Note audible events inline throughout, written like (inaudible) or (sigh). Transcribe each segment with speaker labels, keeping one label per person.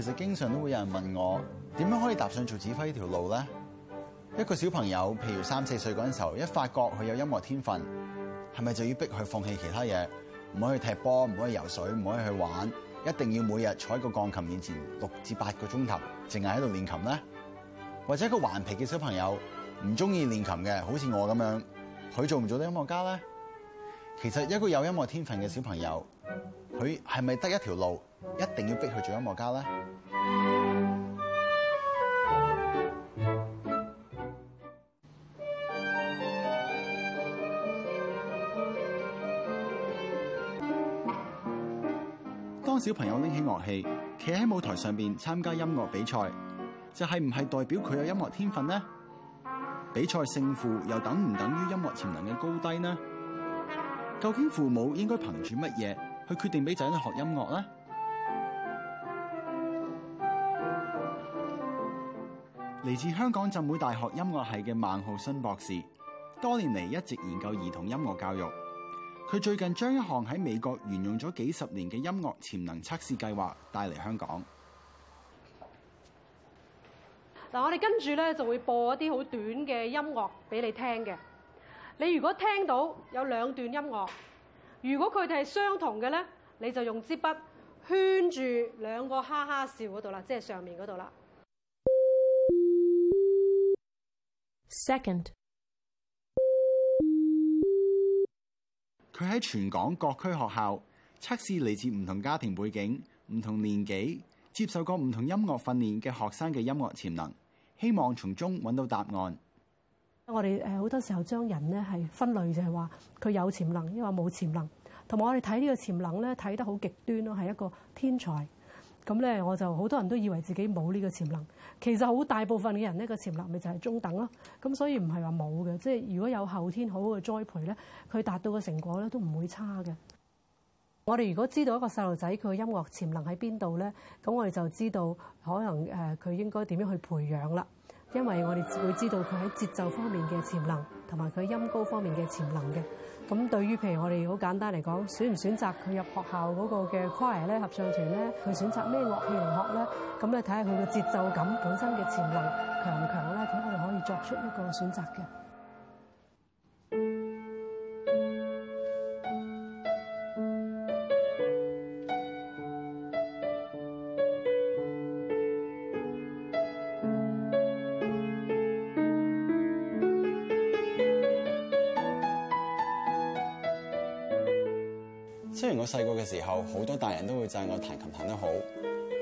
Speaker 1: 其實經常都會有人問我點樣可以踏上做指揮呢條路咧？一個小朋友，譬如三四歲嗰陣時候，一發覺佢有音樂天分，係咪就要逼佢放棄其他嘢？唔可以踢波，唔可以游水，唔可以去玩，一定要每日坐喺個鋼琴面前六至八個鐘頭，淨係喺度練琴咧？或者一個頑皮嘅小朋友唔中意練琴嘅，好似我咁樣，佢做唔做得音樂家咧？其實一個有音樂天分嘅小朋友，佢係咪得一條路？一定要逼佢做音樂家咧？ (music) 當小朋友拎起樂器，企喺舞台上邊參加音樂比賽，就係唔係代表佢有音樂天分呢？比賽勝負又等唔等於音樂潛能嘅高低呢？究竟父母應該憑住乜嘢去決定俾仔女學音樂咧？嚟自香港浸會大學音樂系嘅孟浩新博士，多年嚟一直研究兒童音樂教育。佢最近將一項喺美國沿用咗幾十年嘅音樂潛能測試計劃帶嚟香港。
Speaker 2: 嗱，我哋跟住咧就會播一啲好短嘅音樂俾你聽嘅。你如果聽到有兩段音樂，如果佢哋係相同嘅咧，你就用支筆圈住兩個哈哈笑嗰度啦，即係上面嗰度啦。
Speaker 3: 第二，
Speaker 1: 佢喺全港各區學校測試嚟自唔同家庭背景、唔同年紀、接受過唔同音樂訓練嘅學生嘅音樂潛能，希望從中揾到答案。
Speaker 2: 我哋誒，好多時候將人呢係分類，就係話佢有潛能抑或冇潛能，同埋我哋睇呢個潛能咧睇得好極端咯，係一個天才。咁咧，我就好多人都以為自己冇呢個潛能，其實好大部分嘅人呢個潛能咪就係中等咯。咁所以唔係話冇嘅，即係如果有後天好好嘅栽培咧，佢達到嘅成果咧都唔會差嘅。我哋如果知道一個細路仔佢嘅音樂潛能喺邊度咧，咁我哋就知道可能誒佢應該點樣去培養啦，因為我哋會知道佢喺節奏方面嘅潛能。同埋佢音高方面嘅潛能嘅，咁對於譬如我哋好簡單嚟講，選唔選擇佢入學校嗰個嘅 choir 呢、合唱團呢？佢選擇咩樂器嚟學呢？咁咧睇下佢嘅節奏感本身嘅潛能強唔強咧，咁我哋可以作出一個選擇嘅。
Speaker 1: 雖然我細個嘅時候好多大人都會讚我彈琴彈得好，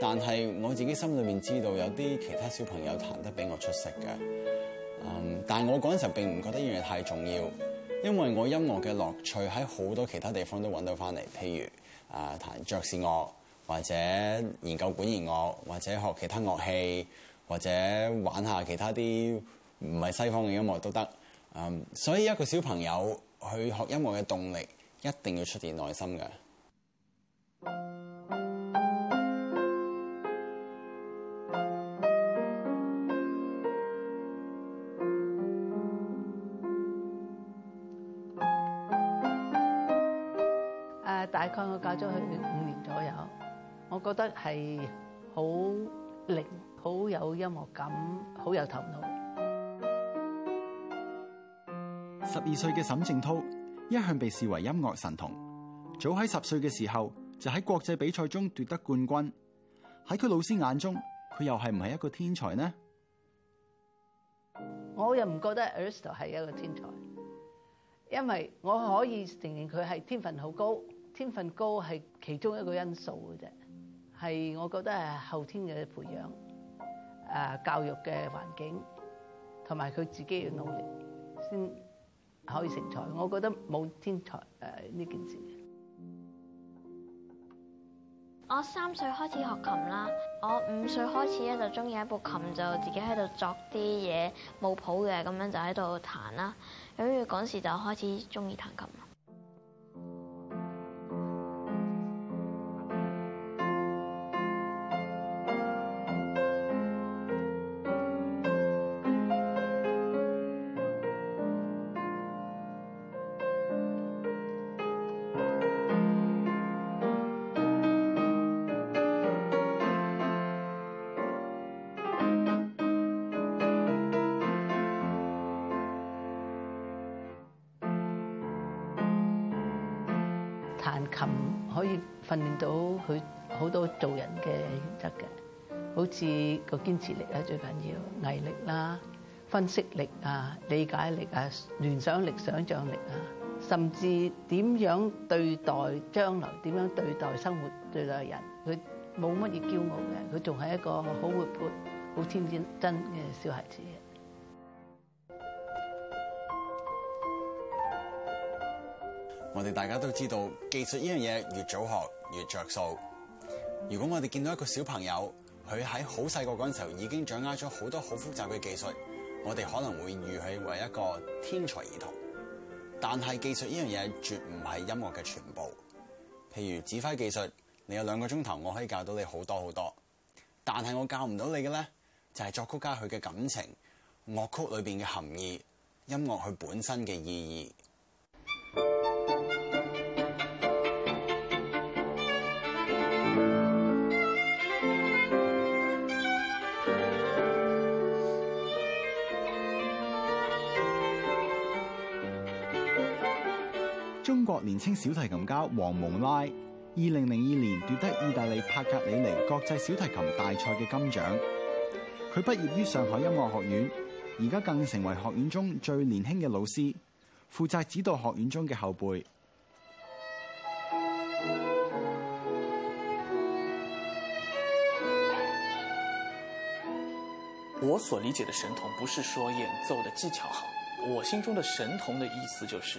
Speaker 1: 但係我自己心裏面知道有啲其他小朋友彈得比我出色嘅。嗯，但我嗰陣時候並唔覺得呢樣嘢太重要，因為我音樂嘅樂趣喺好多其他地方都搵到翻嚟，譬如啊彈爵士樂，或者研究管弦樂，或者學其他樂器，或者玩下其他啲唔係西方嘅音樂都得。嗯，所以一個小朋友去學音樂嘅動力。一定要出啲耐心嘅。
Speaker 4: 誒，大概我教咗佢五年左右，我覺得係好靈，好有音樂感，好有頭腦。十
Speaker 1: 二歲嘅沈靜濤。一向被視為音樂神童，早喺十歲嘅時候就喺國際比賽中奪得冠軍。喺佢老師眼中，佢又係唔係一個天才呢？
Speaker 4: 我又唔覺得 Aristo 係一個天才，因為我可以承認佢係天分好高，天分高係其中一個因素嘅啫，係我覺得係後天嘅培養、誒教育嘅環境同埋佢自己嘅努力先。可以成才，我覺得冇天才誒呢件事。
Speaker 5: 我三歲開始學琴啦，我五歲開始咧就鍾意一部琴，就自己喺度作啲嘢冇譜嘅，咁樣就喺度彈啦。咁樣嗰時就開始鍾意彈琴。
Speaker 4: 琴可以訓練到佢好多做人嘅原則嘅，好似個堅持力咧最緊要，毅力啦、分析力啊、理解力啊、聯想力、想像力啊，甚至點樣對待將來，點樣對待生活，對待人，佢冇乜嘢驕傲嘅，佢仲係一個好活潑、好天真嘅小孩子。
Speaker 1: 我哋大家都知道，技術呢樣嘢越早學越着數。如果我哋見到一個小朋友，佢喺好細個嗰陣時候已經掌握咗好多好複雜嘅技術，我哋可能會譽佢為一個天才兒童。但係技術呢樣嘢絕唔係音樂嘅全部。譬如指揮技術，你有兩個鐘頭，我可以教到你好多好多。但係我教唔到你嘅咧，就係作曲家佢嘅感情、樂曲裏邊嘅含義、音樂佢本身嘅意義。中國年輕小提琴家黃蒙拉，二零零二年奪得意大利帕格尼尼國際小提琴大賽嘅金獎。佢畢業於上海音樂學院，而家更成為學院中最年輕嘅老師，負責指導學院中嘅後輩。
Speaker 5: 我所理解的神童，不是說演奏的技巧好，我心中的神童的意思就是。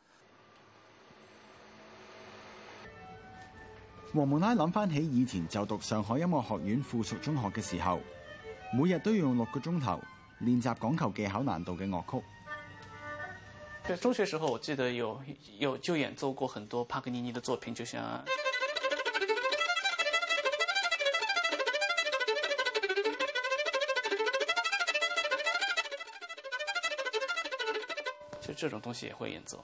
Speaker 1: 黃蒙拉諗翻起以前就讀上海音樂學院附屬中學嘅時候，每日都要用六個鐘頭練習講求技巧難度嘅樂曲。在中學
Speaker 5: 時候，我記得有有就演奏過很多帕格尼尼的作品，就像就這種東西也會演奏。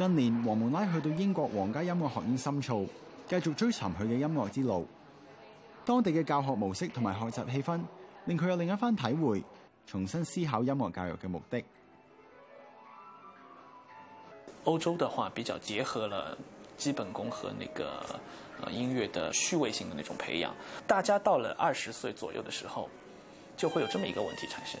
Speaker 1: 近年，黃蒙拉去到英國皇家音樂學院深造，繼續追尋佢嘅音樂之路。當地嘅教學模式同埋學習氣氛，令佢有另一番體會，重新思考音樂教育嘅目的。
Speaker 5: 歐洲的話，比較結合了基本功和那個音樂的趣味性的那種培養。大家到了二十歲左右的時候，就會有這麼一個問題產生。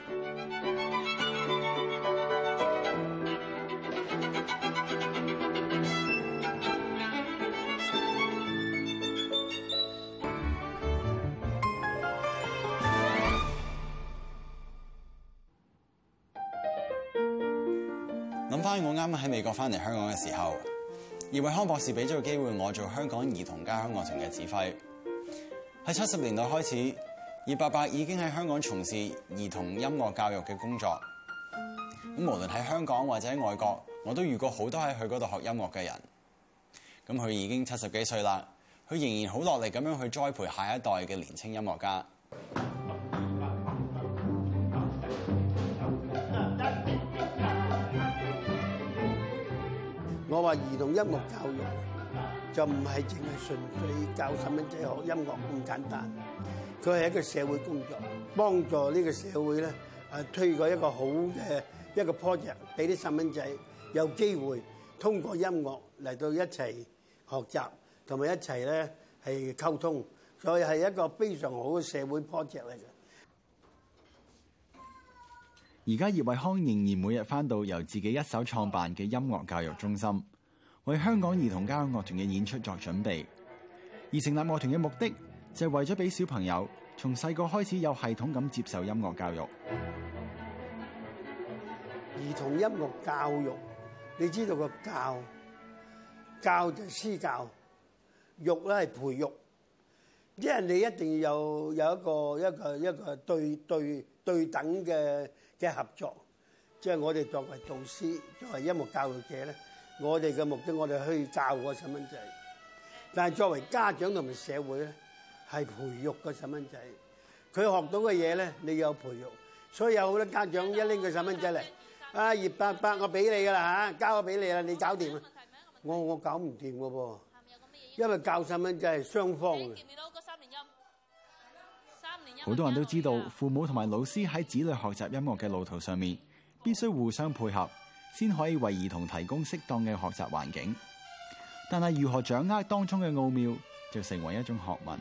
Speaker 1: 嚟香港嘅時候，葉惠康博士俾咗個機會我做香港兒童交響樂團嘅指揮。喺七十年代開始，葉伯伯已經喺香港從事兒童音樂教育嘅工作。咁無論喺香港或者外國，我都遇過好多喺佢嗰度學音樂嘅人。咁佢已經七十幾歲啦，佢仍然好落力咁樣去栽培下一代嘅年輕音樂家。
Speaker 6: 我話兒童音樂教育就唔係淨係純粹教細蚊仔學音樂咁簡單，佢係一個社會工作，幫助呢個社會咧，誒推過一個好嘅一個 project，俾啲細蚊仔有機會通過音樂嚟到一齊學習，同埋一齊咧係溝通，所以係一個非常好嘅社會 project 嚟嘅。
Speaker 1: 現在而家葉惠康仍然每日翻到由自己一手創辦嘅音樂教育中心，為香港兒童交響樂團嘅演出作準備。而成立樂團嘅目的就係為咗俾小朋友從細個開始有系統咁接受音樂教育。
Speaker 6: 兒童音樂教育，你知道個教教就施教育啦，係培育，因為，你一定要有有一個一個一個，一個對對對等嘅。即係合作，即係我哋作為導師，作為音樂教育者咧，我哋嘅目的，我哋去教個細蚊仔。但係作為家長同埋社會咧，係培育個細蚊仔。佢學到嘅嘢咧，你有培育。所以有好多家長一拎個細蚊仔嚟，啊葉伯伯，我俾你噶啦嚇，交我俾你啦，你搞掂啊！我我搞唔掂嘅噃，因為教細蚊仔係雙方嘅。
Speaker 1: 好多人都知道，父母同埋老師喺子女學習音樂嘅路途上面必須互相配合，先可以為兒童提供適當嘅學習環境。但係如何掌握當中嘅奧妙，就成為一種學問。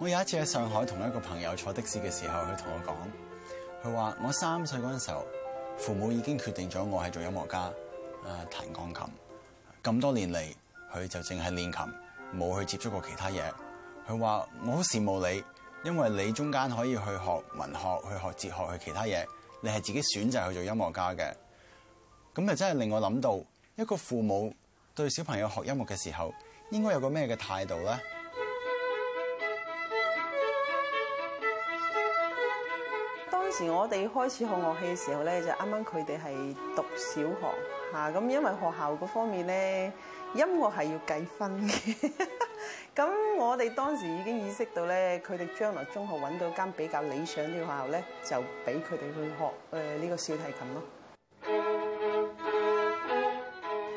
Speaker 1: 我有一次喺上海同一個朋友坐的士嘅時候，佢同我講，佢話我三歲嗰陣時候，父母已經決定咗我係做音樂家，誒、呃、彈鋼琴。咁多年嚟，佢就淨係練琴，冇去接觸過其他嘢。佢話，我好羨慕你，因為你中間可以去學文學、去學哲學、去其他嘢，你係自己選擇去做音樂家嘅。咁啊，真係令我諗到，一個父母對小朋友學音樂嘅時候，應該有個咩嘅態度呢？
Speaker 7: 當時我哋開始學樂器嘅時候咧，就啱啱佢哋係讀小學。嚇咁，因為學校嗰方面咧，音樂係要計分嘅。咁 (laughs) 我哋當時已經意識到咧，佢哋將來中學揾到間比較理想啲學校咧，就俾佢哋去學誒呢、呃呢個小提琴咯。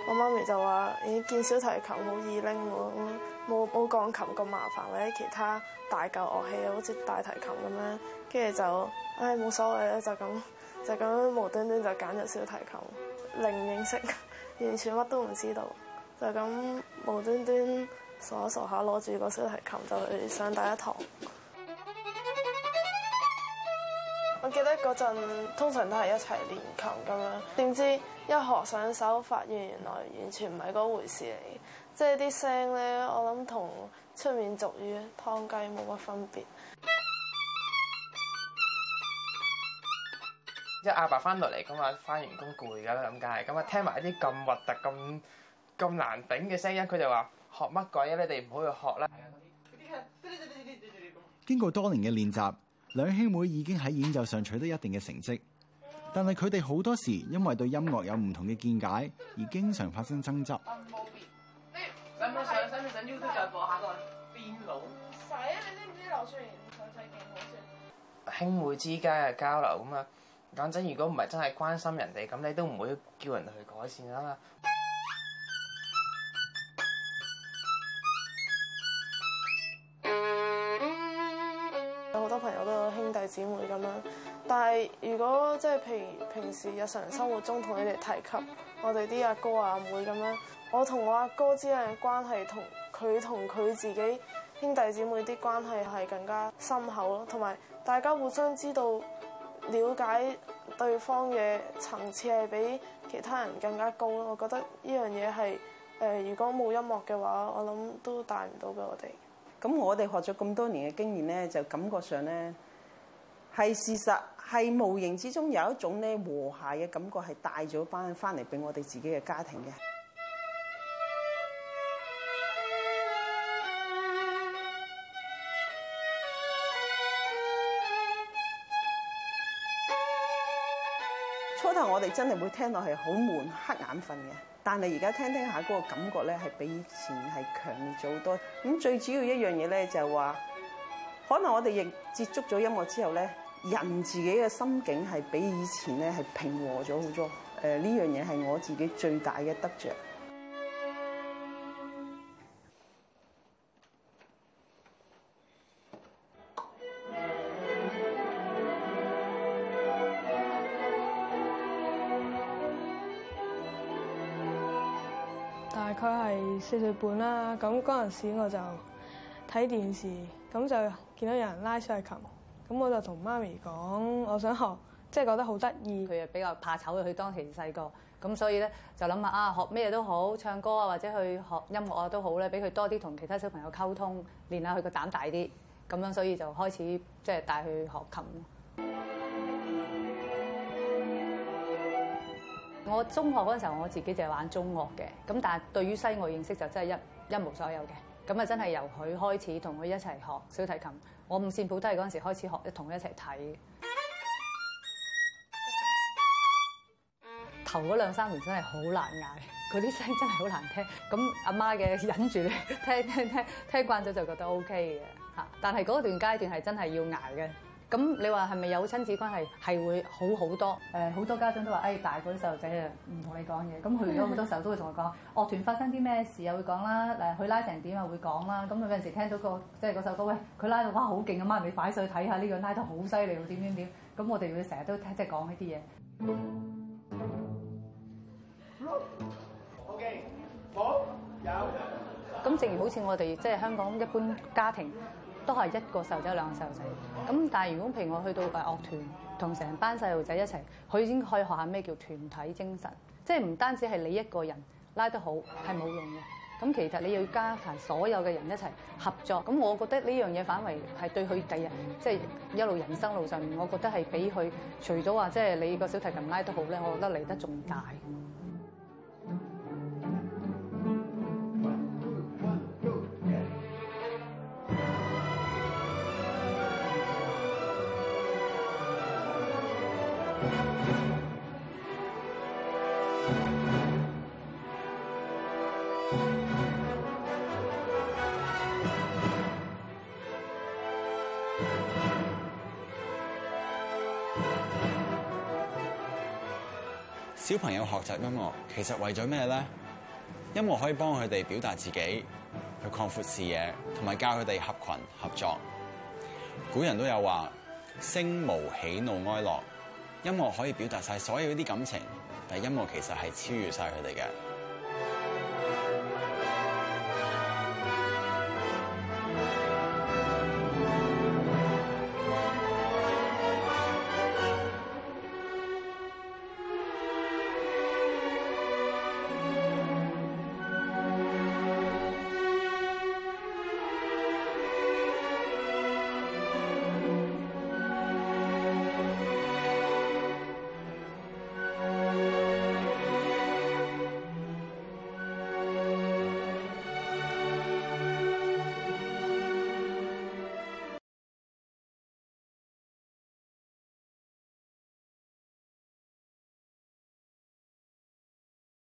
Speaker 3: 我媽咪就話、欸：，見小提琴好易拎喎，冇冇鋼琴咁麻煩，或者其他大嚿樂器啊，好似大提琴咁咧。跟住就，唉、哎，冇所謂啦，就咁就咁無端端就揀咗小提琴。零認識，完全乜都唔知道，就咁無端端傻傻下攞住個小提琴就去上第一堂。 (music) 我記得嗰陣通常都係一齊練琴咁樣，點知一學上手發現原來完全唔係嗰回事嚟，即係啲聲咧，我諗同出面俗語劏雞冇乜分別。
Speaker 7: 即阿爸翻落嚟咁啊，翻完工攰噶啦，咁梗係咁啊，聽埋啲咁核突、咁咁難頂嘅聲音，佢就話學乜鬼呀？你哋唔好去學啦。
Speaker 1: 經過多年嘅練習，兩兄妹已經喺演奏上取得一定嘅成績，但係佢哋好多時因為對音樂有唔同嘅見解，而經常
Speaker 7: 發生爭執。兄妹之間嘅交流咁啊講真，如果唔係真係關心人哋，咁你都唔會叫人去改善啦。
Speaker 3: 有好多朋友都有兄弟姊妹咁樣，但係如果即係譬如平時日常生活中同你哋提及我哋啲阿哥阿妹咁樣，我同我阿哥之間嘅關係同佢同佢自己兄弟姊妹啲關係係更加深厚咯，同埋大家互相知道。了解對方嘅層次係比其他人更加高咯，我覺得呢樣嘢係誒，如果冇音樂嘅話，我諗都帶唔到俾我哋。
Speaker 7: 咁我哋學咗咁多年嘅經驗咧，就感覺上咧係事實，係無形之中有一種咧和諧嘅感覺，係帶咗班翻嚟，俾我哋自己嘅家庭嘅。真係會聽落係好悶黑眼瞓嘅，但係而家聽聽下嗰個感覺咧，係比以前係強咗好多。咁最主要一樣嘢咧，就係話可能我哋亦接觸咗音樂之後咧，人自己嘅心境係比以前咧係平和咗好多。誒呢樣嘢係我自己最大嘅得着。
Speaker 3: 四歲半啦，咁嗰陣時我就睇電視，咁就見到有人拉出洋琴，咁我就同媽咪講，我想學，
Speaker 8: 即係覺得好得意。佢又比較怕醜嘅，佢當時細個，咁所以咧就諗下啊，學咩都好，唱歌啊或者去學音樂啊都好咧，俾佢多啲同其他小朋友溝通，練下佢個膽大啲，咁樣所以就開始即係帶佢去學琴。我中學嗰陣時候，我自己就係玩中樂嘅，咁但係對於西樂認識就真係一一無所有嘅，咁啊真係由佢開始同佢一齊學小提琴，我五線譜都係嗰陣時候開始學，一同佢一齊睇。 (music) 頭嗰兩三年真係好難捱，嗰啲聲真係好難聽，咁阿媽嘅忍住咧，聽聽聽聽，聽慣咗就覺得 O K 嘅嚇，但係嗰段階段係真係要捱嘅。咁你話係咪有親子關係係會好好多？誒好多家長都話，誒大個啲細路仔啊，唔同你講嘢。咁佢如果好多時候都會同我講 (noise) 樂、哦、團發生啲咩事又會講啦。誒，佢拉成點啊，又會講啦。咁佢有陣時候聽到個即係嗰首歌，喂，佢拉到哇好勁啊！媽你快上去睇下呢個拉得好犀利喎！點點點。咁我哋會成日都聽即係講呢啲嘢。
Speaker 6: OK，冇有。
Speaker 8: 咁 (music) 正如好似我哋即係香港一般家庭。都係一個細路仔兩個細路仔咁，但係如果譬如我去到個樂團，同成班細路仔一齊，佢已經可以學下咩叫團體精神，即係唔單止係你一個人拉得好係冇用嘅。咁其實你要加埋所有嘅人一齊合作。咁我覺得呢樣嘢反為係對佢第日即係一路人生路上面。我覺得係比佢除咗話即係你個小提琴拉得好咧，我覺得嚟得仲大。
Speaker 1: 小朋友學習音樂，其實為咗咩呢？音樂可以幫佢哋表達自己，去擴闊視野，同埋教佢哋合群合作。古人都有話：聲無喜怒哀樂。音樂可以表達晒所有啲感情，但音樂其實係超越晒佢哋嘅。